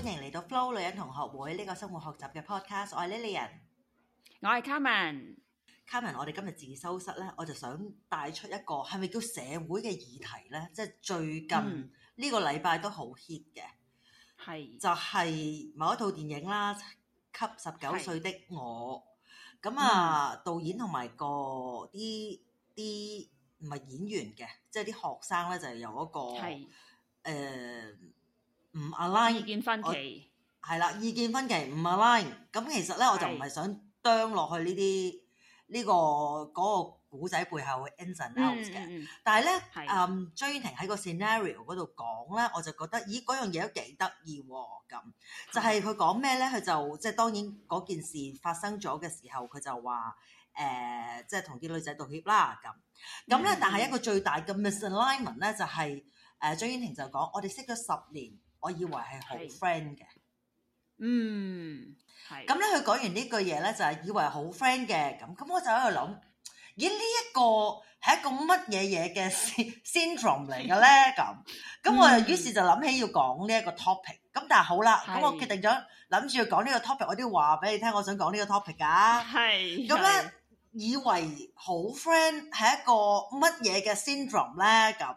歡迎嚟到 Flo 女人同學會呢個生活學習嘅 podcast。我係 Lilian，我係 Carmen。Carmen，我哋今日自修室咧，我就想帶出一個係咪叫社會嘅議題咧？即係最近呢、嗯、個禮拜都好 hit 嘅，係是就係某一套電影啦，《給十九歲的我》咁是啊，嗯、導演同埋個啲啲唔係演員嘅，即係啲學生咧，就係由一個係誒。是呃唔 align 意見分歧係啦，意見分歧唔 align 咁。咁其實咧，是我就唔係想啄落去呢啲呢個嗰、嗰個古仔背後 ins and outs 嘅。但係咧，嗯，嗯是嗯張婉婷喺個 scenario 嗰度講咧，我就覺得咦嗰樣嘢都幾得意喎。咁就係、是、佢講咩咧？佢就即係當然嗰件事發生咗嘅時候，佢就話誒、呃，即係同啲女仔道歉啦。咁咁咧，嗯、但係一個最大嘅 misalignment 咧，就係、是、誒、呃、張婉婷就講我哋識咗十年。我以為係好 friend 嘅，嗯，係咁咧。佢講、嗯、完呢句嘢咧，就係、是、以為好 friend 嘅咁。咁我就喺度諗，咦？呢一個係一個乜嘢嘢嘅 syndrome 嚟嘅咧？咁咁，我就於是就諗起要講呢一個 topic。咁但係好啦，咁我決定咗諗住要講呢個 topic，我都要話俾你聽，我想講呢個 topic 噶、啊。係咁咧，以為好 friend 係一個乜嘢嘅 syndrome 咧？咁。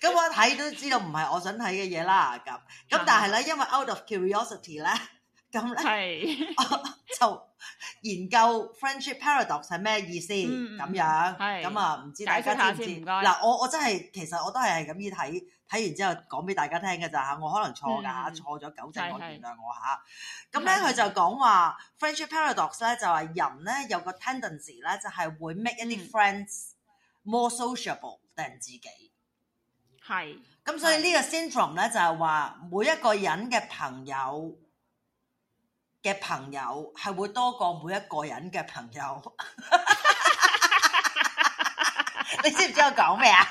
咁我一睇都知道唔係我想睇嘅嘢啦。咁咁，但係咧，因為 out of curiosity 咧，咁咧就研究 friendship paradox 係咩意思咁樣。咁啊，唔知大家知唔知嗱？我我真係其實我都係係咁樣睇，睇完之後講俾大家聽嘅咋吓，我可能錯噶吓，錯咗糾正我，原諒我吓。咁咧佢就講話 friendship paradox 咧就係人咧有個 tendency 咧就係會 make any friends more sociable than 自己。係，咁是所以個呢個 syndrome 咧就係話，每一個人嘅朋友嘅朋友係會多過每一個人嘅朋友。你知唔知我講咩啊？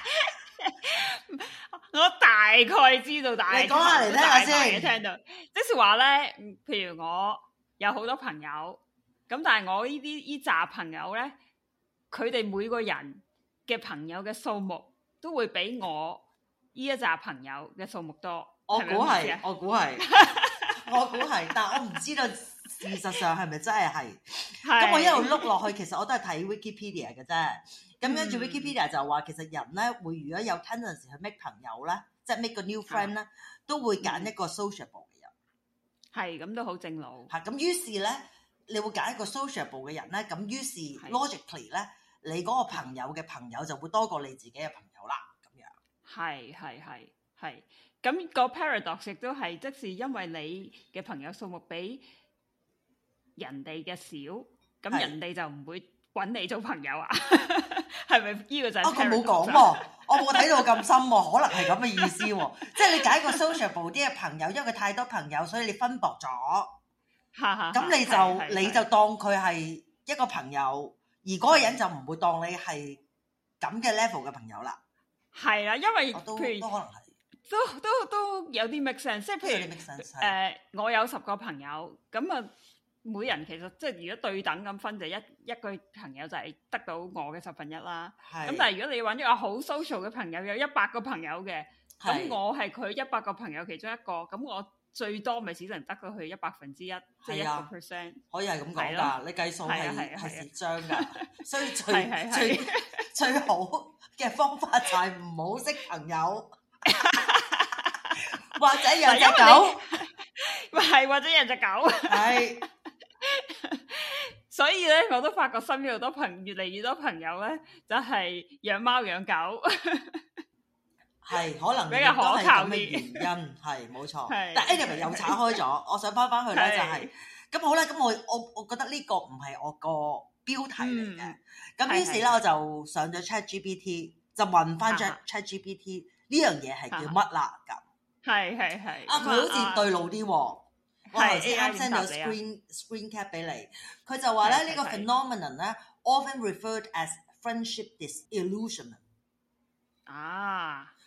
我大概知道，但你但大你講下嚟聽下先，聽到。 即係話咧，譬如我有好多朋友，咁但係我呢啲呢扎朋友咧，佢哋每個人嘅朋友嘅數目都會比我。呢一集朋友嘅數目多，我估係，是是我估係， 我估係，但我唔知道事實上係咪真係係。咁 是我一路碌落去，其實我都係睇 Wikipedia 嘅啫。咁跟住、嗯、Wikipedia 就話，其實人咧會如果有 tendency 去 make 朋友咧，即係 make 個 new friend 咧、啊，都會揀一個 sociable 嘅人。係咁、嗯、都好正路。嚇咁於是咧，你會揀一個 ically, sociable 嘅人咧，咁於是 logically 咧，你嗰個朋友嘅朋友就會多過你自己嘅朋友啦。係係係係，咁個 paradox 亦都係，即係因為你嘅朋友數目比人哋嘅少，咁人哋就唔會揾你做朋友啊？係咪呢個就？啊，佢冇講喎，我冇睇到咁深喎，可能係咁嘅意思喎，即係你揀個 sociable 啲嘅朋友，因為佢太多朋友，所以你分薄咗，咁你就你就當佢係一個朋友，而嗰個人就唔會當你係咁嘅 level 嘅朋友啦。係啦，因為譬如都都可能都，都，都有啲 make sense 即係譬如你 make sense，誒，我有十個朋友，咁啊，每人其實即係如果對等咁分，就一一個朋友就係得到我嘅十分一啦。咁的但係如果你揾咗個好 social 嘅朋友，有一百個朋友嘅，咁我係佢一百個朋友其中一個，咁我。最多咪只能得佢去一百分之一，啊、即係一個 percent，可以係咁講噶。了你計數係係蝕章噶，所以最是是是最是是最好嘅方法就係唔好識朋友， 或者養隻狗，係 或者養隻狗。係是， 所以咧我都發覺身邊好多朋友越嚟越多朋友咧，就係養貓養狗。 係，可能亦都係咁嘅原因係冇錯，但係 anyway 又拆開咗。我想翻返去咧就係咁好啦。咁我我我覺得呢個唔係我個標題嚟嘅。咁於是咧我就上咗 Chat GPT 就問翻 Chat GPT 呢樣嘢係叫乜啦，咁係係係啊，佢好似對路啲喎。我頭先啱 send 咗 screen screen cap 俾你，佢就話咧呢個 phenomenon 咧，often referred as friendship disillusionment 啊。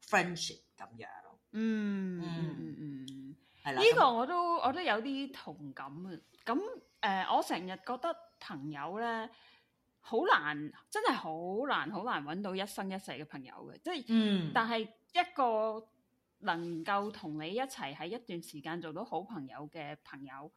friendship 咁樣，嗯嗯嗯嗯，係啦、嗯，呢、嗯、個我都我都有啲同感啊。咁誒、呃，我成日覺得朋友咧，好難，真係好難，好難揾到一生一世嘅朋友嘅。即係，嗯、但係一個能夠同你一齊喺一段時間做到好朋友嘅朋友，誒、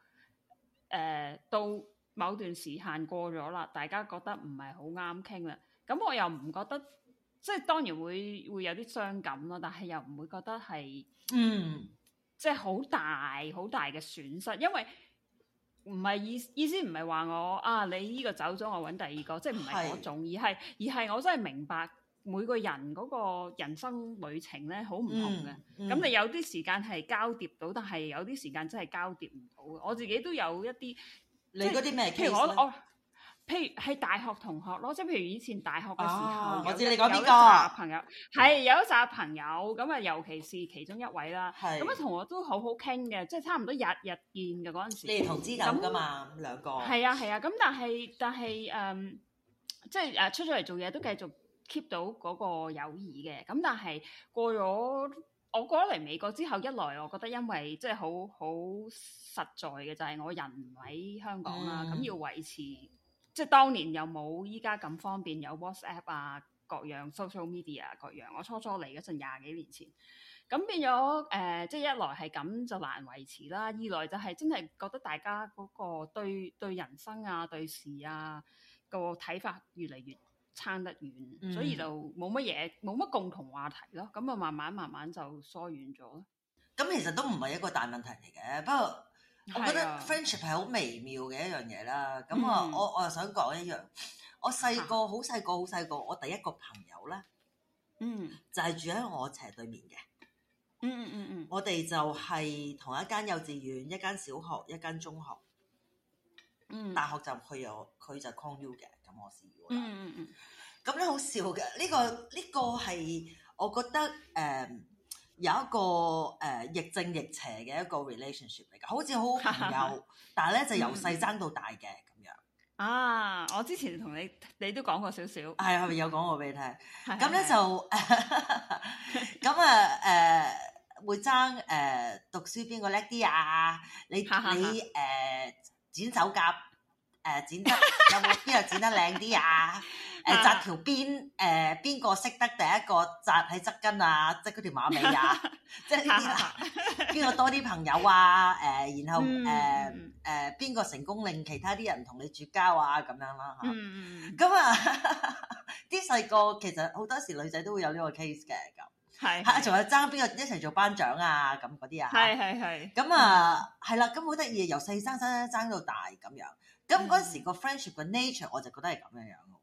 呃，到某段時間過咗啦，大家覺得唔係好啱傾啦，咁我又唔覺得。即係當然會會有啲傷感咯，但係又唔會覺得係，嗯，即係好大好大嘅損失，因為唔係意意思唔係話我啊，你依個走咗，我揾第二個，即係唔係嗰種，是而係而係我真係明白每個人嗰個人生旅程咧，好唔同嘅，咁、嗯嗯、你有啲時間係交疊到，但係有啲時間真係交疊唔到。我自己都有一啲，你嗰啲咩？譬如我我。譬如係大學同學咯，即係譬如以前大學嘅時候，我知、啊、有你講邊個朋友係有一紮朋友，咁啊哇，尤其是其中一位啦，咁啊是，同我都好好傾嘅，即係差唔多日日見嘅嗰陣時。你哋投資咁㗎嘛，樣兩個？係啊係啊，咁、啊、但係但係誒，即係誒出咗嚟做嘢都繼續 keep 到嗰個友誼嘅。咁但係過咗我過咗嚟美國之後一來，我覺得因為即係好好實在嘅就係我人唔喺香港啦，咁、嗯、要維持。即係當年有冇依家咁方便，有 WhatsApp 啊，各樣 social media 啊，各樣。我初初嚟嗰陣廿幾年前，咁變咗誒、呃，即係一來係咁就難維持啦，二來就係真係覺得大家嗰個對對人生啊、對事啊個睇法越嚟越差得遠，嗯、所以就冇乜嘢，冇乜共同話題咯。咁啊，慢慢慢慢就疏遠咗。咁、嗯、其實都唔係一個大問題嚟嘅，不過。我覺得 friendship 係好是、啊、微妙嘅一樣嘢啦。咁我、嗯、我我又想講一樣，我細個好細個好細個，我第一個朋友咧，嗯，就係住喺我斜對面嘅，嗯嗯嗯嗯，我哋就係同一間幼稚園、一間小學、一間中學，嗯，嗯，大學就佢又佢就 call you 嘅，咁我，我是嗯嗯嗯，咁咧好笑嘅，呢、呢個呢、呢個係、呢個、我覺得誒。嗯有一個誒、呃、亦正亦邪嘅一個 relationship 嚟噶，好似好朋友， 但係咧就由細爭到大嘅咁樣、嗯。啊，我之前同你，你都講過少少。係、 啊，咪有講過俾你聽。咁咧 就，咁 啊、嗯，誒、嗯嗯，會爭、誒、嗯，讀書邊個叻啲啊？你你誒、嗯，剪手甲誒、嗯，剪得有冇邊個剪得靚啲啊？ 誒，紮條邊誒，邊個識得第一個紮喺側根啊？即係嗰條馬尾啊？即係呢啲邊個多啲朋友啊？誒，然後誒誒，邊個成功令其他啲人同你絕交啊？咁樣啦吓，咁啊，啲細個其實好多時女仔都會有呢個 case 嘅咁係係，仲有爭邊個一齊做班長啊？咁啲啊，係係係咁啊，係啦。咁好得意，由細爭爭爭到大咁樣。咁陣時個 friendship 嘅 nature，我就覺得係咁樣樣咯。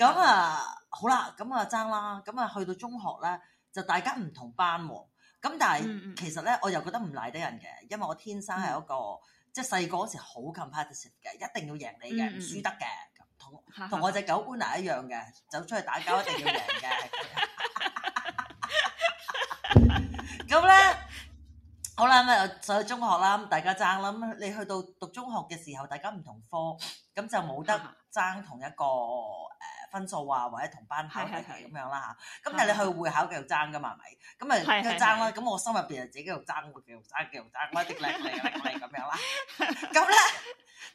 咁啊，那嗯、好啦，咁啊爭啦，咁啊去到中學咧，就大家唔同班喎，哦。咁但係、嗯、其實咧，我又覺得唔賴得人嘅，因為我天生係一個即係細個嗰時好 competitive 嘅，一定要贏你嘅，唔、嗯、輸得嘅。同同我隻狗官係一樣嘅，哈哈走出去打交一定要贏嘅。咁咧，好啦咁啊，就上到中學啦，咁大家爭啦。咁你去到讀中學嘅時候，大家唔同科，咁就冇得爭同一個誒，分數啊，或者同班級咁樣啦吓，咁但係你去會考繼續爭噶嘛，係咪？咁啊，繼續爭啦。咁我心入邊啊，自己繼續爭，會繼續爭，繼續爭，我一定叻，我一定叻咁樣啦。咁咧 樣，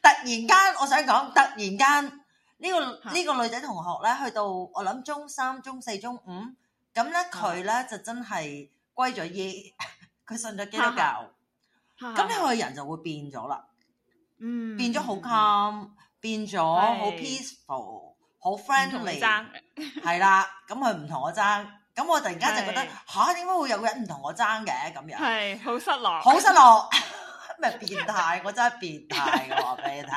突然間我想講，突然間呢、呢個呢 個女仔同學咧，去到我諗中三、中四、中五，咁咧佢咧就真係歸咗耶，佢信咗基督教。咁咧佢人就會變咗啦，嗯，變咗好 calm，變咗好 peaceful。 好 friend 嚟，爭係啦很，咁佢唔同我爭，咁我突然間就覺得吓，點解的、啊、會有個人唔同我爭嘅咁樣？係好失、失落，好失落，咪變態，我真係變態嘅，我俾 你聽。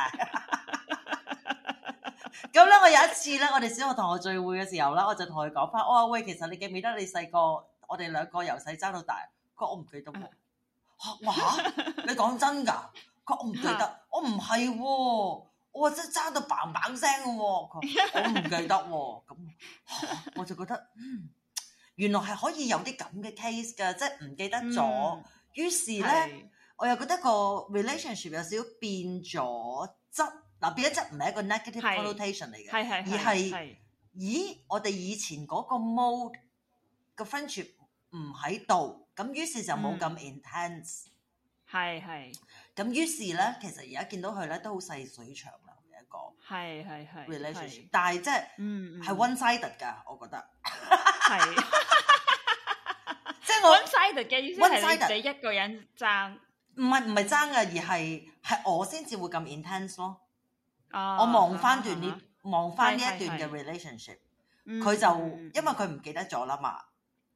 咁 咧，我有一次咧，我哋小學同學聚會嘅時候啦，我就同佢講翻，我、哦、喂，其實你記唔記得你細個，我哋兩個由細爭到大？佢我唔記得喎，我、啊、吓，你講真噶？佢我唔記得，我唔係喎。我真爭到棒棒聲嘅喎，我唔記得喎、啊，咁我就覺得原來係可以有啲咁嘅 case 㗎，即係唔記得咗。於、嗯、是咧，是的 我又覺得個 relationship 有少少變咗質。嗱的，變咗質唔係一個 negative connotation 嚟嘅，而係是咦，我哋以前嗰個 mode 個 friendship 唔喺度，咁於是就冇咁 intense。的係係，咁於是咧，其實而家見到佢咧都好細水長流嘅一個係係係 relationship，但係即係嗯係 one-sided 㗎，我覺得係即係 one-sided 嘅意思係你一個人爭，唔係唔係爭㗎，而係係我先至會咁 intense 咯。我望翻段呢望翻呢一段嘅 relationship，佢就因為佢唔記得咗啦嘛，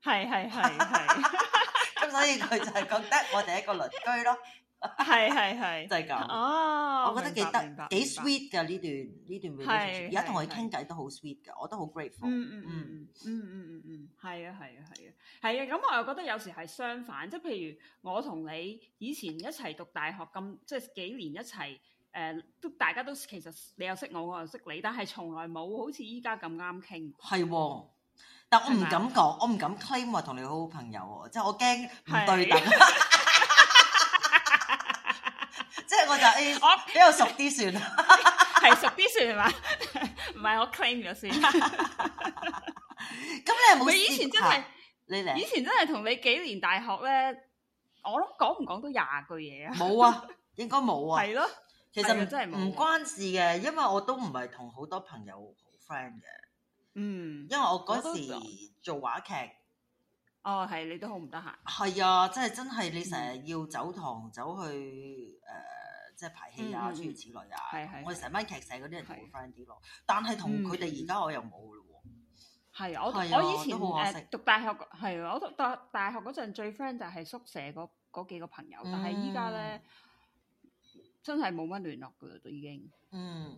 係係係係。 所以佢就係覺得我哋一個鄰居咯， 係係係，就係咁。哦，我覺得幾得，白幾 sweet 嘅呢段呢段。係是，而家同佢傾偈都好 sweet 嘅，我都好 grateful。嗯嗯嗯嗯嗯嗯嗯嗯，係啊係啊係啊，係啊。咁我又覺得有時係相反，即係譬如我同你以前一齊讀大學咁，即係幾年一齊，誒、呃、都大家都其實你又識我，我又識你，但係從來冇好似依家咁啱傾。係喎的。 但我唔敢講，嗎我唔敢 claim 話同你好好朋友喎，即係我驚唔對等。 即係我就誒，欸、我比較熟啲算啦，係 熟啲算係嘛？唔 係我 claim 咗先。咁 你冇？你以前真係你咧來？以前真係同你幾年大學咧，我諗講唔講都廿句嘢啊！冇啊，應該冇啊。係咯，其實、哎、真係唔關事嘅，因為我都唔係同好多朋友好 friend 嘅。嗯，因為我嗰時做話劇，哦，係你都好唔得閒，係啊，即係真係你成日要走堂，走去誒，即係排戲啊，諸如此類啊。我哋成班劇社嗰啲人就會 friend 啲咯，但係同佢哋而家我又冇咯。係啊我我以前誒讀大學係，我讀大大學嗰陣最 friend 就係宿舍嗰嗰幾個朋友，但係依家咧真係冇乜聯絡噶，都已經。嗯。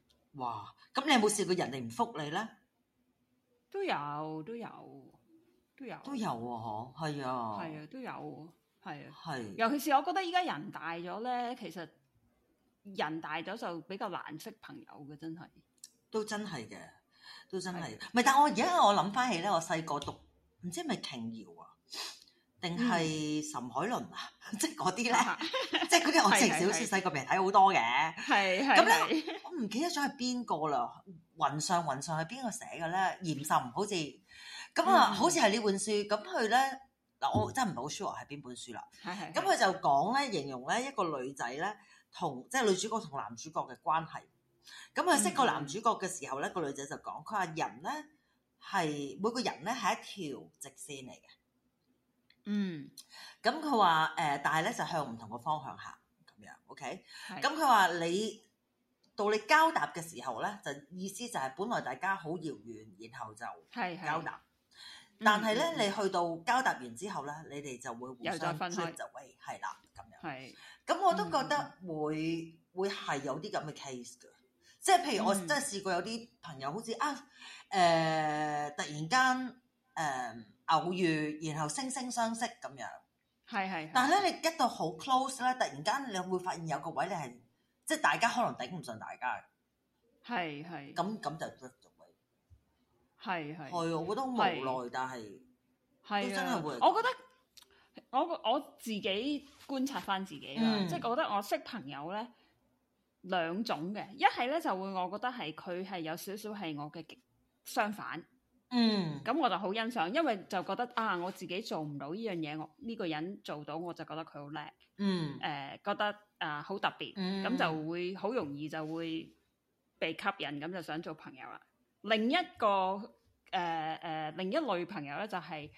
哇！咁你有冇試過人哋唔覆你咧？都有都有都有都有嗬，係啊，係啊，都有，係啊，係。尤其是我覺得依家人大咗咧，其實人大咗就比較難識朋友嘅，真係都真係嘅，都真係。唔係，但我而家我諗翻起咧，我細個讀唔知係咪瓊瑤啊？定係岑凱倫啊， 即係嗰啲咧， 即係嗰啲我成時好似細個咪睇好多嘅。係係。咁咧，我唔記得咗係邊個啦。雲上雲上係邊個寫嘅咧？嚴心好似咁啊，好似係呢本書。咁佢咧嗱，我真係唔好 sure 係邊本書啦。咁佢 就講咧，形容咧一個女仔咧，同即係女主角同男主角嘅關係。咁佢識個男主角嘅時候咧，個 女仔就講佢話人咧係每個人咧係一條直線嚟嘅。嗯，咁佢話誒，但係咧就向唔同嘅方向行，咁樣，OK？咁佢話，你到你交搭嘅時候咧，就意思就係本來大家好遙遠，然後就交搭，是是但係咧、嗯、你去到交搭完之後咧，你哋就會互相分開，就喂，係啦，咁樣係。咁是我都覺得會、嗯、會係有啲咁嘅 case 嘅，即係譬如我真係試過有啲朋友好似啊，誒、呃，突然間誒。呃嗯偶遇，然後惺惺相惜咁樣，係係。但係咧，的你一到好 close 咧，突然間你會發現有個位你係，即係大家可能頂唔順大家嘅，係係。咁咁就 b r e 我覺得好無奈，但係都真係會的。我覺得我我自己觀察翻自己啦，即係、嗯、覺得我識朋友咧兩種嘅，一係咧就會我覺得係佢係有少少係我嘅相反。嗯，咁、mm. 我就好欣賞，因為就覺得啊，我自己做唔到呢樣嘢，我呢、呢個人做到，我就覺得佢好叻，嗯，誒，覺得啊好、呃、特別，咁、mm. 就會好容易就會被吸引，咁就想做朋友啦。另一個誒誒、呃呃、另一類朋友咧，就係、是。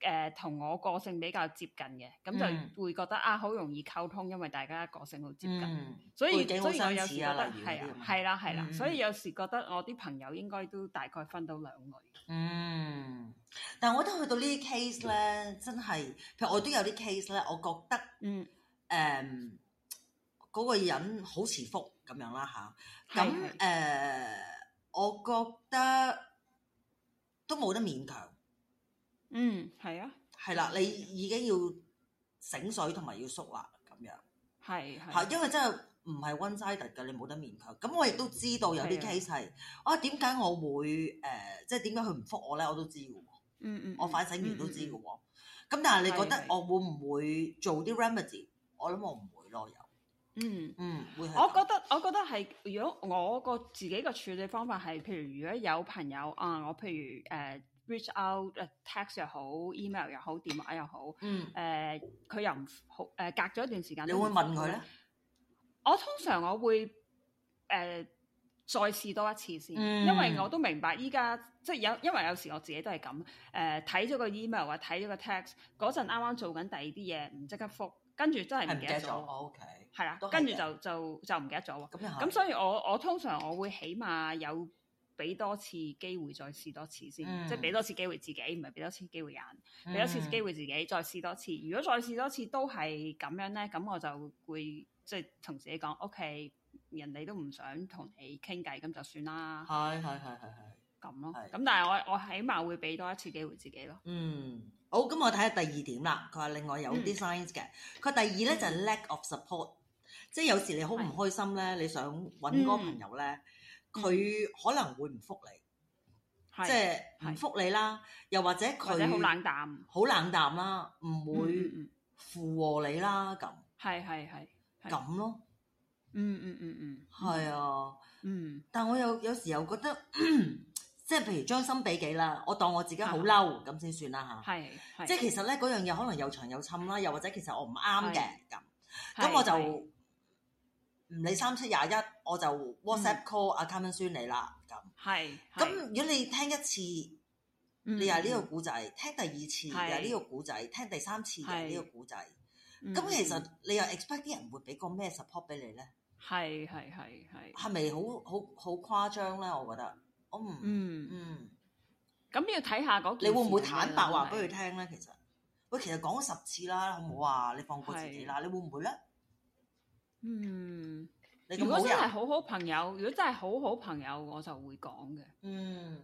誒同、呃、我個性比較接近嘅，咁就會覺得啊，好容易溝通，因為大家個性好接近。背景好相似，有時覺得，係啊，係啦、啊，係啦、啊，啊嗯、所以有時覺得我啲朋友應該都大概分到兩類。嗯，但係我覺得去到呢啲 case 咧，真係，譬如我都有啲 case 咧，我覺得，嗯，誒、嗯，嗰、嗰個人好遲福咁樣啦吓，咁、啊、誒的、嗯嗯嗯，我覺得都冇得勉強。嗯，係啊，係啦、啊，你已經要醒水同埋要縮啦，咁樣係係，因為真係唔係 one-sided 嘅，你冇得勉強。咁、嗯、我亦都知道有啲 case 係，啊，點解、啊、我會誒，即係點解佢唔覆我咧？我都知嘅、嗯，嗯快醒嗯，我反省完都知嘅喎。咁但係你覺得我會唔會做啲 remedy？我諗我唔會咯，又嗯嗯，會我。我覺得我覺得係，如果我個自己個處理方法係，譬如如果有朋友啊，我譬如誒。啊啊啊啊啊啊啊啊 Reach out，誒、uh, text 又好，email 又好，電話又好，誒佢、嗯呃、又唔好，誒、呃、隔咗一段時間。你會問佢咧、嗯？我通常我會誒、uh, 再試多一次先，因為我都明白依家即係有，因為有時我自己都係咁誒睇咗個 email 啊，睇咗個 text 嗰陣啱啱做緊第二啲嘢，唔即刻覆，跟住真係唔記，記得咗。O K、哦。係、okay, 啊的，跟住就就就唔記得咗喎。咁咁、嗯、就所以我， 我我通常我會起碼有。俾多次機會再試多次先，嗯、即係俾多次機會自己，唔係俾多次機會人。俾、嗯、多次機會自己再試多次，如果再試多次都係咁樣咧，咁我就會即係同自己講：OK，人哋都唔想同你傾偈，咁就算啦。係係係係係咁咯。咁係但係我我起碼會俾多一次機會自己咯。嗯，好。咁我睇下第二點啦。佢話另外有啲 sign 嘅，佢、嗯、第二咧就係、係、lack of support，即係有時你好唔開心咧，係你想搵個朋友咧、嗯。佢可能會唔覆你，即係唔覆你啦，又或者佢好冷淡，好冷淡啦，唔會附和你啦，咁係係係咁咯，嗯嗯嗯嗯，係啊，嗯，但我有有時又覺得，即係譬如將心比己啦，我當我自己好嬲咁先算啦吓，係，即係其實咧，嗰樣嘢可能又長又㩒啦，又或者其實我唔啱嘅咁，咁我就唔理三七廿一。我就 WhatsApp call 阿 Carmen 宣你啦，咁，咁如果你聽一次，你又呢個古仔；Lock down ua, 聽第二次又呢個古仔；聽第三次又呢個古仔。咁其實你又 expect 啲人會俾個咩 support 俾你咧？係係係係，係咪好好好誇張咧？我覺得，我、哦、唔，嗯嗯，咁要睇下嗰件，你會唔會坦白話俾佢聽咧？其實，喂，其實講咗十次啦，好唔好啊？你放過自己啦，你會唔會咧？嗯。你如果真係好好朋友，如果真係好好朋友，我就會講嘅。嗯、mm.，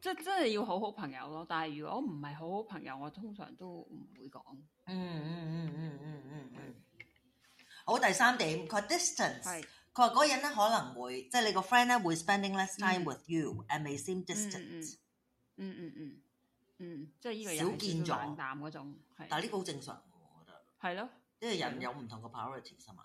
即係真係要好好朋友咯。但係如果唔係好好朋友，我通常都唔會講。嗯嗯嗯嗯嗯嗯嗯。Hmm. Mm hmm. 好，第三點，佢 distance 係是，佢嗰人咧可能會，即、就、係、是、你個 friend 咧會 spending less time、mm. with you and may seem distant、mm。嗯嗯嗯嗯嗯，即係呢個人少見咗，冷淡嗰種。但係呢個好正常，我覺得。係咯的，因為人有唔同嘅 priorities 啊嘛。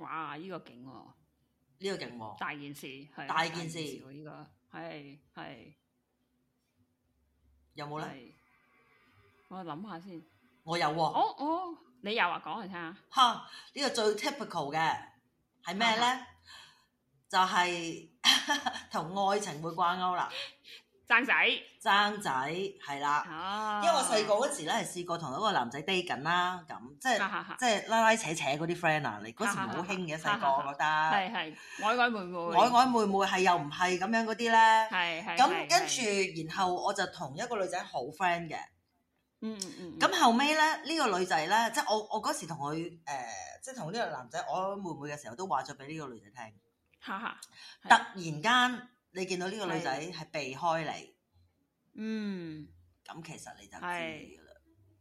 哇！呢個勁喎，呢個勁喎，大件事係大件事喎，呢個係係有冇咧？我諗下先，我有喎，哦哦你有啊？講嚟聽下，哈！呢個最 typical 嘅係咩咧？就係同愛情會掛鈎啦。爭仔，爭仔係啦，因為我細個嗰時咧係試過同一個男仔 date 緊啦，咁即係即係拉拉扯扯嗰啲 friend 啊，你嗰時好興嘅細個，我覺得係係，曖昧曖昧，曖昧曖昧係又唔係咁樣嗰啲咧，係咁跟住然後我就同一個女仔好 friend 嘅，嗯嗯，咁後尾咧呢個女仔咧，即係我我嗰時同佢誒，即係同呢個男仔曖昧曖昧嘅時候，都話咗俾呢個女仔聽，哈突然間。你見到呢個女仔係避開你，嗯，咁其實你就知噶啦，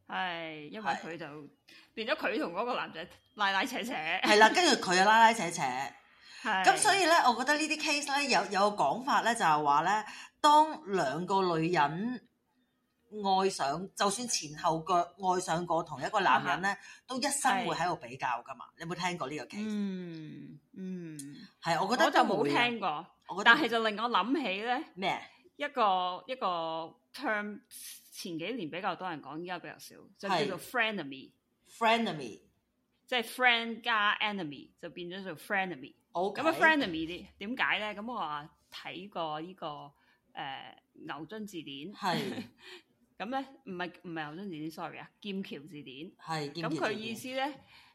係，因為佢就變咗佢同嗰個男仔拉拉扯扯，係 啦，跟住佢又拉拉扯扯，係是，咁所以咧，我覺得呢啲 case 咧有有個講法咧，就係話咧，當兩個女人愛上，就算前後腳愛上過同一個男人咧，啊、都一生會喺度比較噶嘛，是你有冇聽過呢個 case？嗯嗯。嗯係，我覺得我就冇聽過，但係就令我諗起咧咩？麼一個一個 term，前幾年比較多人講，依家比較少，是就叫做 frenemy frenemy 即係 friend 加 enemy 就變咗做 frenemy OK，咁 frenemy 啲，點解咧？咁我話睇過呢、這個誒、呃、牛津字典，係咁咧，唔係唔係牛津字典，sorry 啊，劍橋字典，係咁佢意思咧。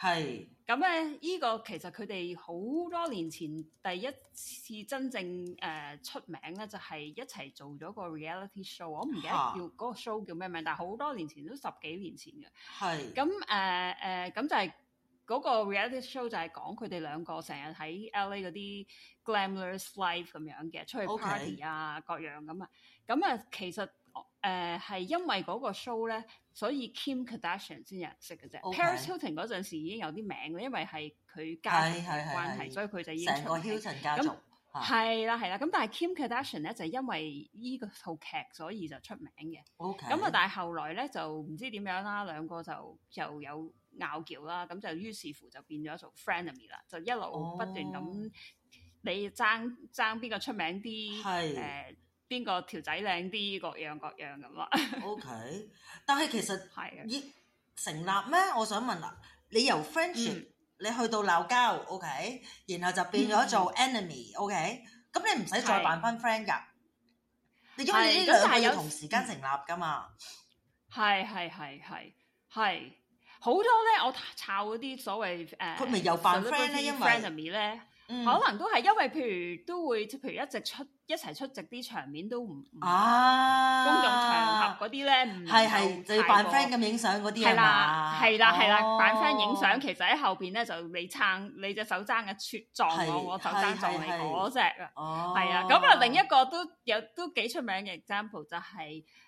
係，咁咧呢個其實佢哋好多年前第一次真正誒、呃、出名咧，就係一齊做咗個 reality show。我唔記得叫嗰哈個 show 叫咩名，但係好多年前都十幾年前嘅。係是，咁誒誒，咁、呃呃、就係嗰個 reality show 就係講佢哋兩個成日喺 LA 嗰啲 glamorous life 咁樣嘅，出去 party Okay. 啊各樣咁啊。咁啊、呃，其實誒係、呃、因為嗰個 show 咧。所以 Kim Kardashian 先有人認識嘅啫 Okay.，Paris Hilton 嗰陣時已經有啲名嘅，因為係佢家族關係，所以佢就已經出名。咁係啦，係啦那，咁、啊、但係 Kim Kardashian 咧就是、因為依個套劇，所以就出名嘅。O K。咁啊，但係後來咧就唔知點樣啦，兩個就就有拗撬啦，咁就於是乎就變咗做 frenemy 啦，就一路不斷咁、哦、你爭爭邊個出名啲，誒。邊個條仔靚啲，各樣各樣咁啊？OK，但係其實係成立咩？ 的我想問啦，你由 friend、嗯、你去到鬧交，OK，然後就變咗做 enemy，OK，嗯 okay？咁你唔使再扮翻 friend 噶？因為的你兩樣要同時間成立噶嘛？係係係係係好多咧，我抄嗰啲所謂誒，佢、uh, 咪又扮 friend 咧，因為 enemy 咧，為嗯、可能都係因為譬如都會，譬如一直出。一齊出席啲場面都唔，啊，公眾場合嗰啲咧，係係是，就要扮 friend 咁影相嗰啲係嘛？係啦係啦，扮 friend 影相，其實喺後邊咧就你撐，你隻手踭嘅撮撞是我撞是是是是，我手踭撞你嗰隻哦，係啊，咁啊另一個都有都幾出名嘅 example 就係、是。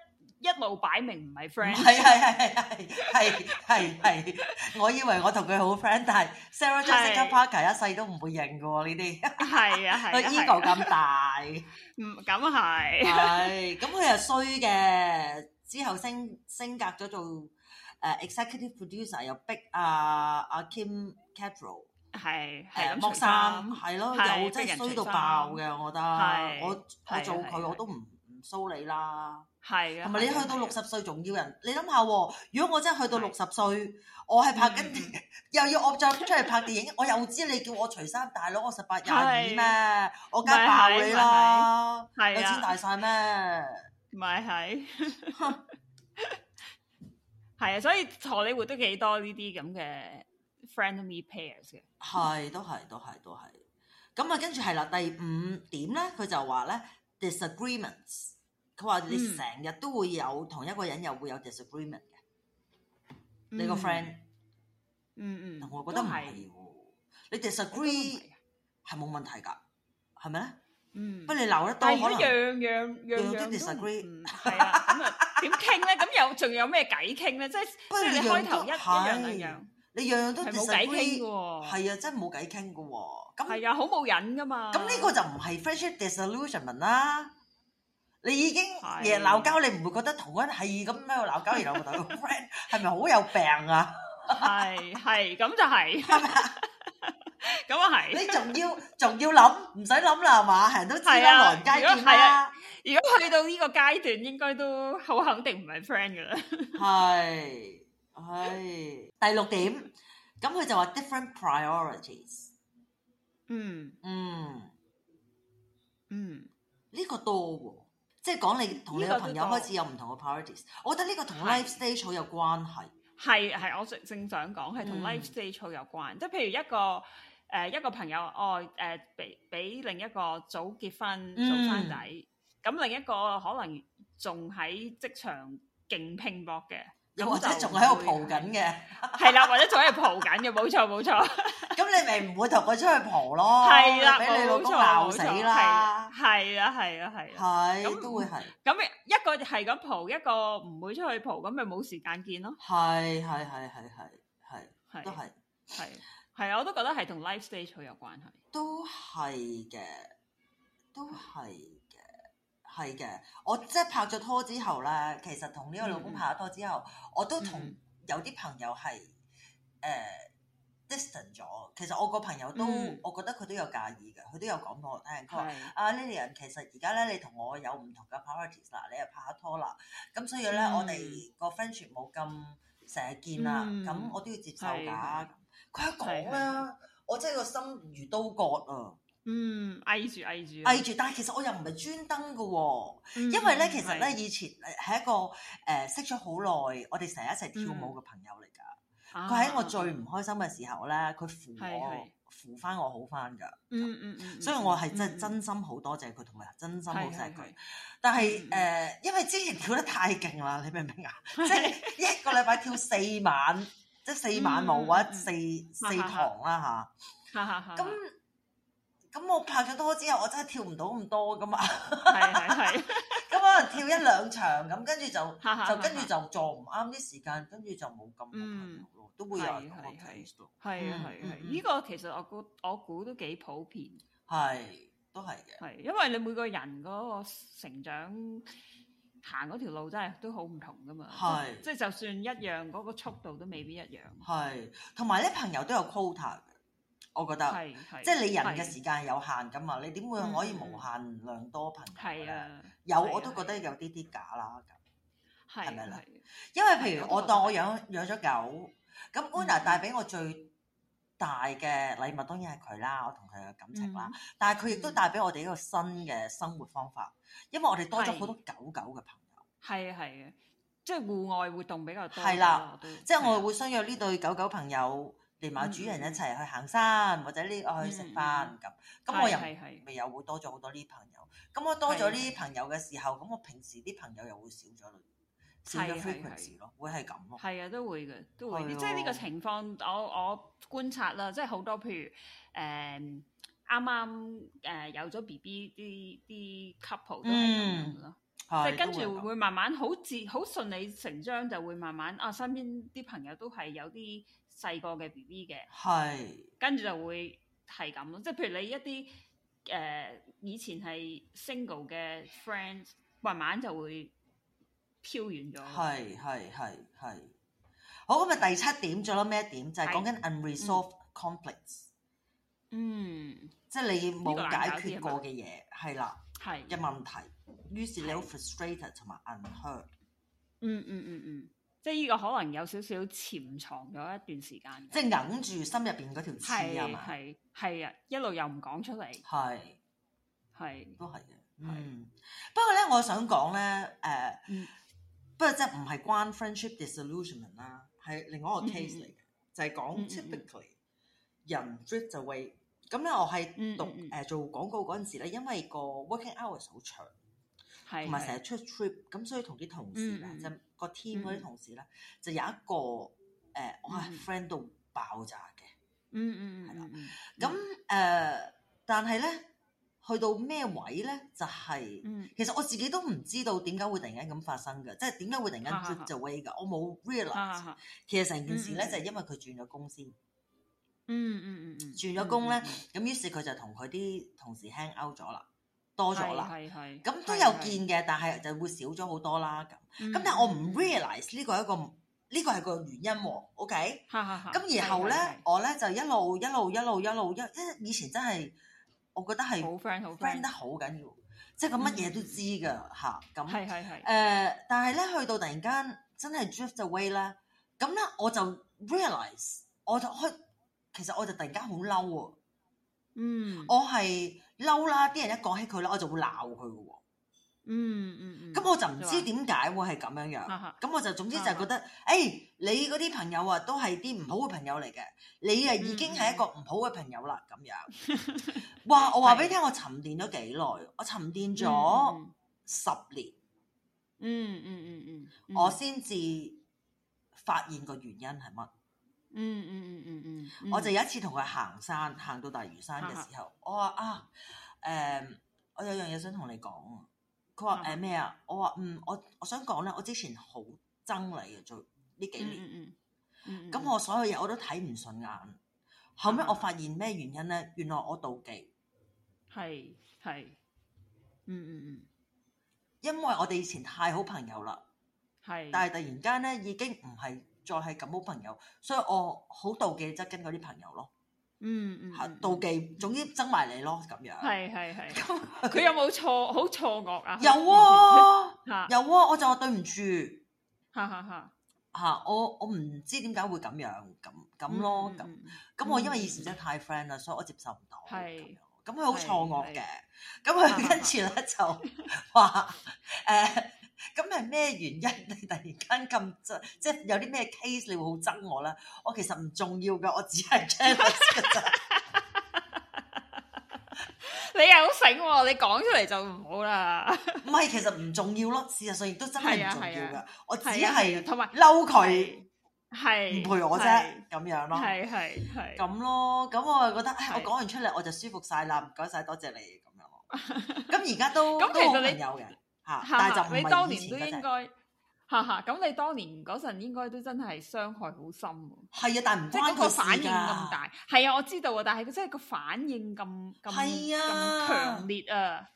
一路擺明唔係 friend，唔係係係係係係係，我以為我同佢好 friend，但係 Sarah Jessica Parker 一世都唔會認㗎喎呢啲，係啊係，個 ego 咁大，唔咁係係咁佢又衰嘅，之後升升格咗做誒 executive producer，又逼阿阿 Kim Cattrall，係係剝衫，係咯，又真係衰到爆嘅，我覺得，我我做佢我都唔唔蘇你啦。係啊，同埋你去到六十歲仲要人，你諗下喎。如果我真係去到六十歲，的我係拍緊電影，又要我再出嚟拍電影，我又知你叫我除衫 大佬，我十八廿二咩？ 我梗係爆你啦，有錢大晒咩？咪係，係啊，所以荷里活都幾多呢啲咁嘅 frenemy pairs 嘅，係 都係都係都係。咁啊，跟住係啦，第五點咧，佢就話咧 disagreements。Dis 佢話你成日都會有同一個人又會有 disagreement 嘅，你個 friend，嗯嗯，我覺得唔係喎，你 disagree 係冇問題㗎，係咪咧？嗯，不過你鬧得多可能樣樣樣樣都 disagree，咁啊點傾咧？咁又仲有咩偈傾咧？即係你開頭一一樣一樣，你樣樣都係冇偈傾嘅喎，係啊，真係冇偈傾嘅喎，咁係啊，好冇癮㗎嘛。咁呢個就唔係 fresh disillusionment 啦。你已經日鬧交，你唔會覺得同佢係咁樣鬧交而鬧個 friend 係咪好有病啊？係係咁就係，咁啊係。你仲要仲要諗，唔使諗啦係嘛，人都知啦，難解見啦。如果去到呢個階段，應該都好肯定唔係 friend 噶啦係係第六點，咁佢就話 different priorities。嗯嗯嗯，呢個多喎。即係講你同你嘅朋友開始有唔同嘅 priorities，這個、我覺得呢個同 life stage 有關係。係係，我正正想講係同 life stage 有關。即係、嗯、譬如一個誒、呃、一個朋友，哦誒、俾、呃、俾另一個早結婚早生仔，咁、嗯、另一個可能仲喺職場勁拼搏嘅。或者仲喺度蒲緊嘅，係啦，或者仲喺度蒲緊嘅，冇錯冇錯。咁你咪唔會同佢出去蒲咯，俾你老公鬧死啦！係啊係啊係。係咁都會係。咁一個係咁蒲，一個唔會出去蒲，咁咪冇時間見咯。係係係係係係都係係係啊！我都覺得係同 life stage 有關係。都係嘅，都係。係嘅，我即係拍咗拖之後啦，其實同呢個老公拍咗拖之後，嗯、我都同有啲朋友係誒、嗯呃、distance 咗。其實我個朋友都，嗯、我覺得佢都有介意嘅，佢都有講過我聽。佢話：啊 Lilian 啊，ah, ian, 其實而家咧，你同我有唔同嘅 priorities 嗱，你又拍咗拖啦，咁所以咧，嗯、我哋個 friendship 冇咁成日見啦。咁、嗯、我都要接受㗎。佢的一講咧，的我真係個心如刀割啊！嗯，嗌住嗌住嗌住，但係其實我又唔係專登噶，因為咧，其實咧以前係一個誒，識咗好耐，我哋成日一齊跳舞嘅朋友嚟噶。佢喺我最唔開心嘅時候咧，佢扶我扶翻我好翻噶。嗯嗯，所以我係真係真心好多謝佢，同埋真心好錫佢。但係誒，因為之前跳得太勁啦，你明唔明啊？即係一個禮拜跳四晚，即係四晚舞或者四四堂啦吓。咁。咁我拍咗拖之後，我真係跳唔到咁多噶嘛。係係係。咁可能跳一兩場咁，跟住就就跟住就撞唔啱啲時間，跟住就冇咁多朋友咯，都會有人冇睇係啊係啊呢個其實我估我估都幾普遍。係，都係嘅。係，因為你每個人嗰個成長行嗰條路真係都好唔同噶嘛。係。即係就算一樣，嗰個速度都未必一樣。係。同埋你朋友都有 quota。我覺得，即係你人嘅時間有限噶嘛，你點會可以無限量多朋友？係啊，有我都覺得有啲啲假啦，係咪啦？因為譬如我當我養養咗狗，咁安娜帶俾我最大嘅禮物，當然係佢啦，我同佢嘅感情啦。但係佢亦都帶俾我哋一個新嘅生活方法，因為我哋多咗好多狗狗嘅朋友。係啊係啊，即係戶外活動比較多。係啦，即係我會相約呢對狗狗朋友。連埋主人一齊去行山，或者呢個去食飯咁咁，是我又咪又會多咗好多啲朋友。咁我多咗啲朋友嘅時候，咁的我平時啲朋友又會少咗咯，少咗 frequency 咯，的會係咁咯。係啊，都會嘅，都會即係呢個情況。我我觀察啦，即係好多譬如誒啱啱誒有咗 B B 啲啲 couple 都係咁樣咯，即係、嗯、跟住會，會慢慢好自好順理成章就會慢慢啊，身邊啲朋友都係有啲。細個嘅 B B 嘅，係是跟住就會係咁咯，即係是譬如你一啲誒、呃、以前係 single 嘅 f r i e n d 慢慢就會飄遠咗。係係係係。好咁啊，第七點再諗咩一點？就係、是、講緊 unresolved complex。嗯，complex 嗯即係你冇解決過嘅嘢係啦，係嘅、嗯嗯、問題。於是，是，是你 frustrated 同埋是 unheard、嗯。嗯嗯嗯嗯。嗯嗯即係呢個可能有少少潛藏咗一段時間，即係揞住心入邊嗰條刺啊嘛，係係啊，一路又唔講出嚟，係係都係嘅，嗯。不過咧，我想講咧，誒、呃，嗯、不過即係唔係關 friendship disillusionment 啦，係另外一個 case 嚟嘅，嗯、就係講 typically、嗯嗯、人 fit 就會咁咧。我係讀誒、嗯嗯呃、做廣告嗰陣時咧，因為個 working hours 好長。同埋成日出 trip，咁所以同啲同事啦，就個 team 嗰啲同事咧，就有一個誒，哇 friend 到爆炸嘅，嗯嗯嗯，係啦，咁誒，但係咧，去到咩位咧，就係，其實我自己都唔知道點解會突然間咁發生嘅，即係點解會突然間就 away 㗎，我冇 realize，其實成件事咧就係因為佢轉咗工先，嗯嗯嗯，轉咗工咧，咁於是佢就同佢啲同事 hang out 咗啦。多咗啦，咁都有見嘅，但係就會少咗好多啦。咁咁，但係我唔 realize 呢個係一個呢個係個原因。OK，咁然後咧，我咧就一路一路一路一路一，以前真係我覺得係 friend friend 得好緊要，即係咁乜嘢都知噶吓。咁係係係誒，但係咧去到突然間真係 drift away 咧，咁咧我就 realize，我就開，其實我就突然間好嬲，嗯，我係。嬲啦，啲人一講起佢啦，我就會鬧佢嘅喎。嗯嗯，咁我就唔知點解會係咁樣樣。咁、嗯嗯、我就總之就係覺得，誒、嗯 hey，你嗰啲朋友啊，都係啲唔好嘅朋友嚟嘅。你啊，已經係一個唔好嘅朋友啦。咁樣，嗯嗯、 哇！我話俾你聽的，我沉澱咗幾耐，我沉澱咗十年。嗯嗯嗯嗯，嗯嗯嗯嗯我先至發現個原因係乜？嗯嗯嗯嗯嗯，嗯嗯我就有一次同佢行山，行到大嶼山嘅時候，我話啊，誒、啊嗯，我有樣嘢想同你講。佢話誒咩啊？啊我話嗯，我我想講咧，我之前好憎你嘅，做呢幾年，咁、嗯嗯嗯、我所有嘢我都睇唔順眼。後尾、啊啊、我發現咩原因咧？原來我妒忌，係係，嗯嗯嗯，嗯因為我哋以前太好朋友啦，係，但係突然間咧已經唔係。再係咁好朋友，所以我好妒忌，即係跟嗰啲朋友咯。嗯嗯，妒忌，總之爭埋你咯，咁樣。係係係。咁佢有冇錯？好錯愕啊！有啊，有啊，我就話對唔住，吓，吓，哈。吓，我我唔知點解會咁樣，咁咁咯，咁咁我因為以前真係太 friend 啦，所以我接受唔到。係。咁佢好錯愕嘅。咁佢跟住咧就話誒，咁係咩原因你突然間咁即係有啲咩 case 你會好憎我咧？我其實唔重要噶，我只係講出嚟啫。你又醒，你講出嚟就唔好啦。唔係，其實唔重要咯。事實上亦都真係唔重要噶。我只係同埋嬲佢係唔陪我啫，咁樣咯。係係係咁咯。咁我就覺得，我講完出嚟我就舒服晒啦。唔該晒，多謝你。咁而家都好朋友嘅，吓 你， 但係就唔係以前嘅哈哈，咁你當年嗰陣應該 都真係傷害好深喎。係啊，但係唔關佢事噶，個反應咁大，係 啊，我知道啊，但係佢真係個反應咁咁咁強烈啊，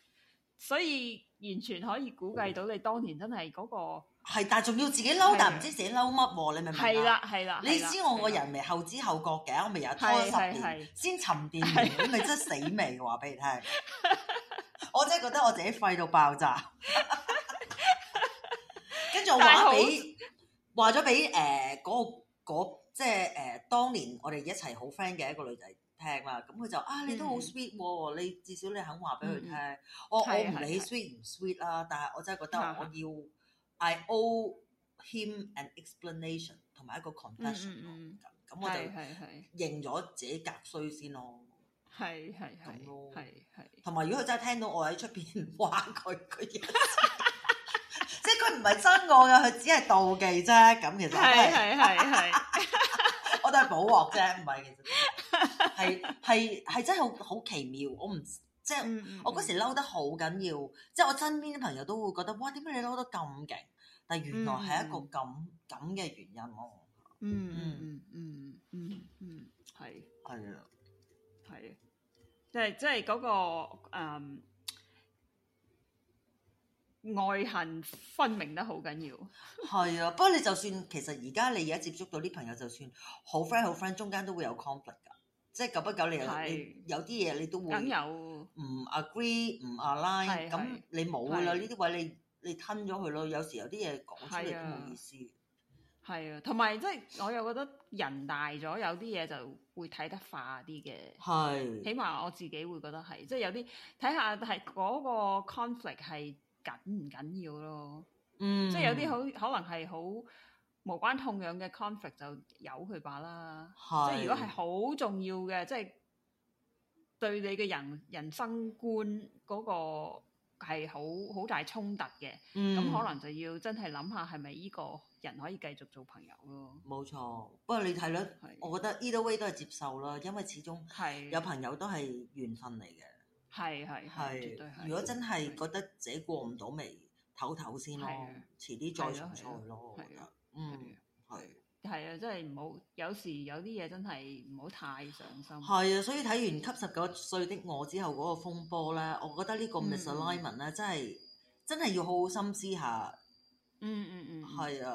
所以完全可以估計到你當年真係嗰個。 係，但係仲要自己嬲，但係唔知自己嬲乜喎，你明唔明？係啦，係啦。你知我個人咪後知後覺嘅，我咪又拖十年先沉澱完，咁咪真係死未話俾你聽。我真係覺得我自己廢到爆炸。跟住我話俾話咗俾誒嗰個嗰即係誒當年我哋一齊好 friend 嘅一個女仔聽啦，咁佢就啊你都好 sweet，你至少你肯話俾佢聽。我我唔理 sweet 唔 sweet 啦，但係我真係覺得我要。I owe him an explanation 同埋一個 confession 咯，咁我哋認咗自己格衰先咯。係係係，同埋如果佢真係聽到我喺出邊話佢，佢即係佢唔係憎我嘅，佢只係妒忌啫。咁其實係係係係，我都係補鑊啫，唔係其實係係係真係好好奇妙我唔。即係、mm hmm. 我嗰時嬲得好緊要，即係我身邊啲朋友都會覺得哇，點解你嬲得咁勁？但係原來係一個咁咁嘅原因咯。嗯嗯嗯嗯嗯嗯，係係啊，係、hmm. 啊、mm，即係即係嗰個誒愛恨分明得好緊要。係 啊，不過你就算其實而家你而家接觸到啲朋友，就算好 friend 好 friend，中間都會有 conflict 㗎。即係久不久，你有是你有啲嘢你都會唔 agree 唔有 align，咁是你冇啦，呢啲是位你你吞咗佢咯。有時有啲嘢講出嚟都冇意思。係啊，同埋即係我又覺得人大咗，有啲嘢就會睇得化啲嘅。係是，起碼我自己會覺得係，即係有啲睇下係嗰個 conflict 係緊唔緊要咯。嗯，即係有啲好可能係好。無關痛癢嘅 conflict 就由佢罷啦，即係如果係好重要嘅，即係對你嘅人人生觀嗰個係好好大衝突嘅，咁可能就要真係諗下係咪依個人可以繼續做朋友咯。冇錯，不過你睇啦，我覺得 either way 都係接受啦，因為始終有朋友都係緣分嚟嘅。係係係，絕對係。如果真係覺得自己過唔到味，唞唞先咯，遲啲再上菜咯。嗯，係，係啊，真係唔好，啊、有時有啲嘢真係唔好太上心。係啊，所以睇完《吸十九歲的我》之後嗰個風波咧，我覺得個呢個 Misalignment s 咧、嗯，真係真係要好好心思下。嗯嗯嗯，係、嗯嗯、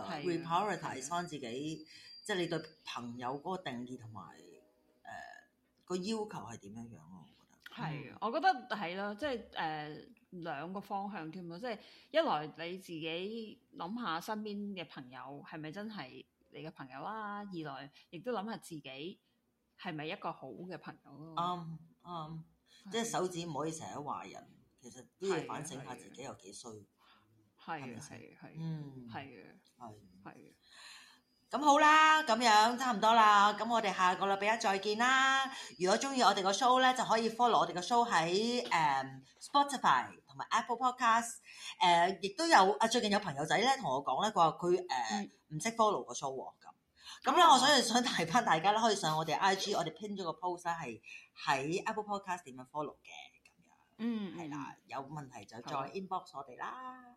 啊，reparate i z 翻自己，即、就、係、是、你對朋友嗰個定義同埋誒個要求係點樣樣、啊、咯。係啊，我覺得係咯，即係誒兩個方向添咯，即係一來你自己諗下身邊嘅朋友係咪真係你嘅朋友啦，二來亦都諗下自己係咪一個好嘅朋友咯。啱啱，即係手指唔可以成日壞人，其實都係反省下自己有幾衰。係係係，嗯係啊係。咁好啦，咁樣差唔多啦，咁我哋下個禮拜一再見啦。如果中意我哋個 show 咧，就可以 follow 我哋個 show 喺誒、um, Spotify 同埋 Apple Podcast。誒、啊，亦都有啊，最近有朋友仔咧同我講咧，佢話佢誒唔識 follow 個 show 咁。咁咧，呢嗯、我所以想提翻、嗯、大家咧，可以上我哋 IG，我哋 pin 咗個 post 啦，係喺 Apple Podcast 點樣 follow 嘅咁樣嗯。嗯，係啦，有問題就再 inbox 的我哋啦。